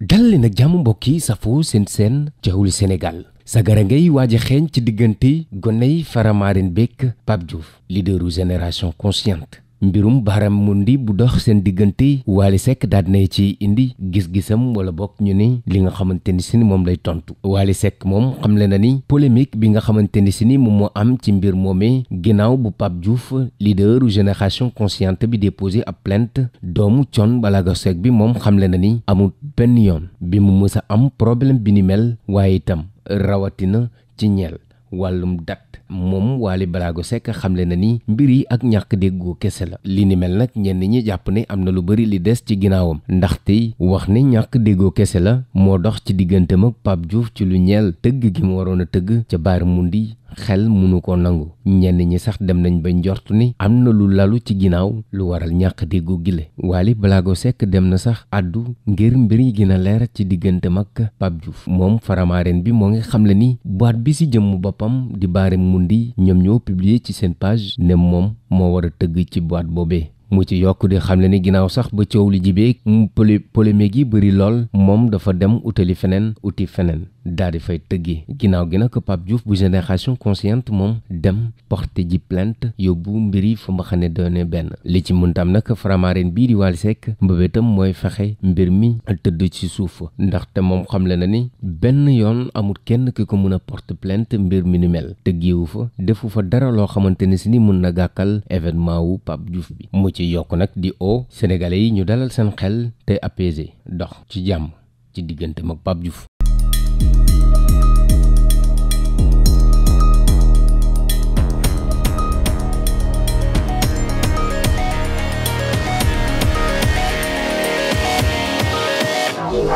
dal na ak jàmm mbokk yi safoo seen seen Jahawli Sénégal sagara ngay waaj a xeeñ ci diggante goney Faramareen bekk Pape Diouf leaderu génération consciente mbirum baram mundi bu dox seen diggante Wally Seck daal di ci indi gis-gisam wala bokk ñu ni li nga xamante ni si ni moom lay tontu Wally Seck moom xamle na ni polémique bi nga xamante ni si ni moom moo am ci mbir moomee ginnaaw bu Pape Diouf leaderu génération consciente bi déposé ab plainte doomu coon Ballago Seck bi moom xamle na ni amul benn yoon bi mu mës a am problème bi ni mel waaye itam rawatina ci ñeel wàllum dat moom Waly Balago Seck xamle na ni mbir yi ak ñàkk déggoo kese la li ni mel nag ñenn ñi jàpp ne am na lu bari li des ci ginnaawam ndax tey wax ni ñàkk déggoo kese la moo dox ci diggante ak Pape juuf ci lu ñeel tëgg gi mu waroon a tëgg ca Baar Mundi xel munu ko nangu ñenn ñi sax dem nañ ba njort ni am na lu lalu ci ginnaaw lu waral ñàkk déggu gile Wally Ballago sekk dem na sax àddu ngir mbir yi gën a leer ci diggante mag Pape Diouf moom faramaaren bi moo ngi xamle ni boîte bi si jëmm boppam di mun di ñoom ñoo publier ci seen page ne moom moo war a tëgg ci boîte boobee. mu ci yokk di xamle ni ginnaaw sax ba coow li jibee mu polémique yi bëri lool moom dafa dem utali feneen uti feneen daal di fay tëggi ginnaaw gi nag Pape Diouf bu génération consciente moom dem porté ji plainte yóbbu mbir yi fa ma xam ne doone benn li ci muntam nag Faramareen bii di Wally Seck mbëbétam mooy fexe mbir mi tëdd ci suuf ndaxte moom xamle na ni benn yoon amul kenn ki ko mun a porte plainte mbir mi ni mel tëggiwu fa defu fa dara loo xamante ne si ni mën na gàkkal événement wu Pape juuf bi mu ci yokk nag di o sénégalais yi ñu dalal seen xel te apaisé dox ci jàmm ci digganteem ak Pape Diouf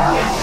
Yeah.